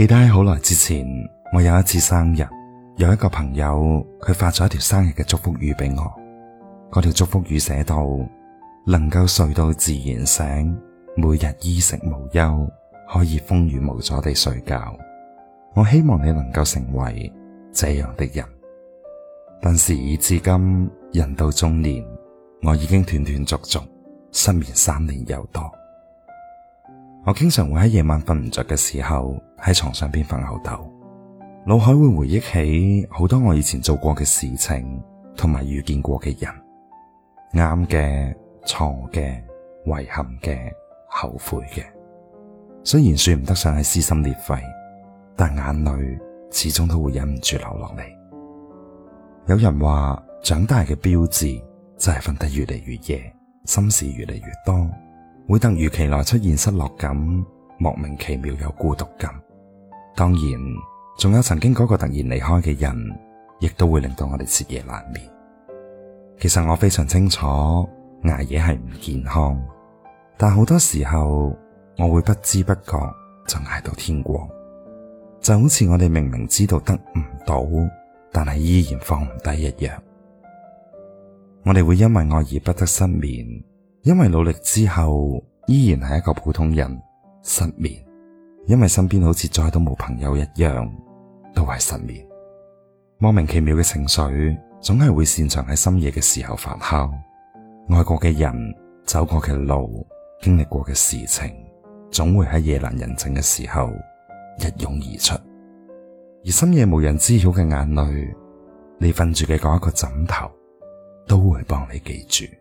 記得好耐之前，我有一次生日，有一個朋友佢發咗一條生日嘅祝福語俾我。嗰條祝福語寫到：能夠睡到自然醒，每日衣食無憂，可以風雨無阻地睡覺。我希望你能夠成為這樣的人。但是至今，人到中年，我已經斷斷續續失眠三年有多。我經常會喺夜晚瞓唔着嘅時候喺床上邊瞓後頭，腦海會回憶起好多我以前做過嘅事情同埋遇見過嘅人，啱嘅、錯嘅、遺憾嘅、後悔嘅。雖然算唔得上係撕心裂肺，但眼淚始終都會忍唔住流落嚟。有人話長大嘅標誌就係瞓得越嚟越夜，心事越嚟越多。會突如其來出現失落感，莫名其妙有孤獨感。當然，仲有曾經嗰個突然離開嘅人，亦都會令到我哋徹夜難眠。其實我非常清楚，捱夜係唔健康，但好多時候，我會不知不覺就捱到天光。就好似我哋明明知道得唔到，但係依然放唔低一樣，我哋會因為愛而不得失眠。因為努力之後依然係一個普通人，失眠。因為身邊好似再都冇朋友一樣，都係失眠。莫名其妙嘅情緒總係會擅長喺深夜嘅時候發酵。愛過嘅人、走過嘅路、經歷過嘅事情，總會喺夜闌人靜嘅時候一湧而出。而深夜無人知曉嘅眼淚，你瞓住嘅嗰一個枕頭，都會幫你記住。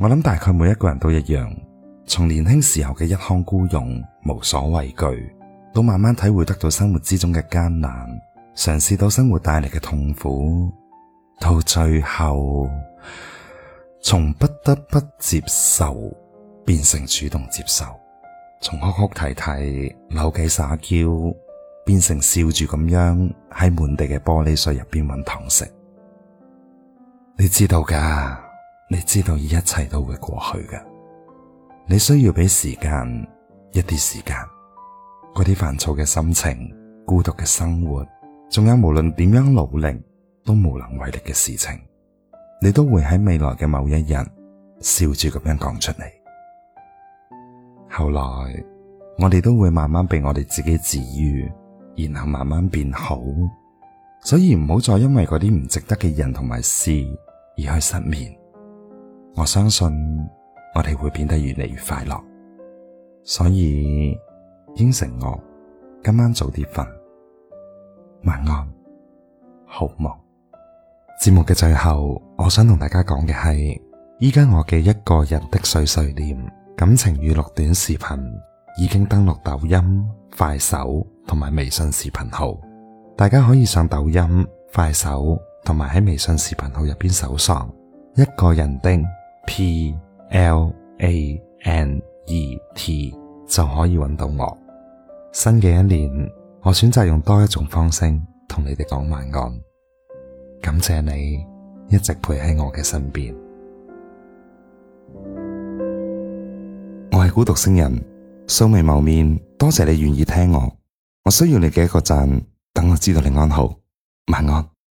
我諗大概每一個人都一樣，從年輕時候嘅一腔孤勇、無所畏懼，到慢慢體會得到生活之中嘅艱難，嘗試到生活帶嚟嘅痛苦，到最後，從不得不接受變成主動接受，從哭哭啼啼、扭計撒嬌，變成笑住咁樣喺滿地嘅玻璃碎入邊揾糖食，你知道噶。你知道，一切都會過去嘅。你需要俾時間一啲時間，嗰啲煩躁嘅心情、孤獨嘅生活，仲有無論點樣努力都無能為力嘅事情，你都會喺未來嘅某一日笑住咁樣講出嚟。後來我哋都會慢慢俾我哋自己治愈，然後慢慢變好。所以唔好再因為嗰啲唔值得嘅人同埋事而去失眠。我相信我哋會變得越嚟越快樂，所以應承我今晚早啲瞓，晚安，好夢。節目嘅最後，我想同大家講嘅係，依家我嘅一個人的碎碎念感情語錄短視頻已經登錄抖音、快手同埋微信視頻號，大家可以上抖音、快手同埋喺微信視頻號入邊搜索一個人的。P L A N E T 就可以揾到我。新嘅一年，我選擇用多一種方式同你哋講晚安。感謝你一直陪喺我嘅身邊。我係孤獨星人，素未謀面，多謝你願意聽我。我需要你嘅一個讚，等我知道你安好。晚安。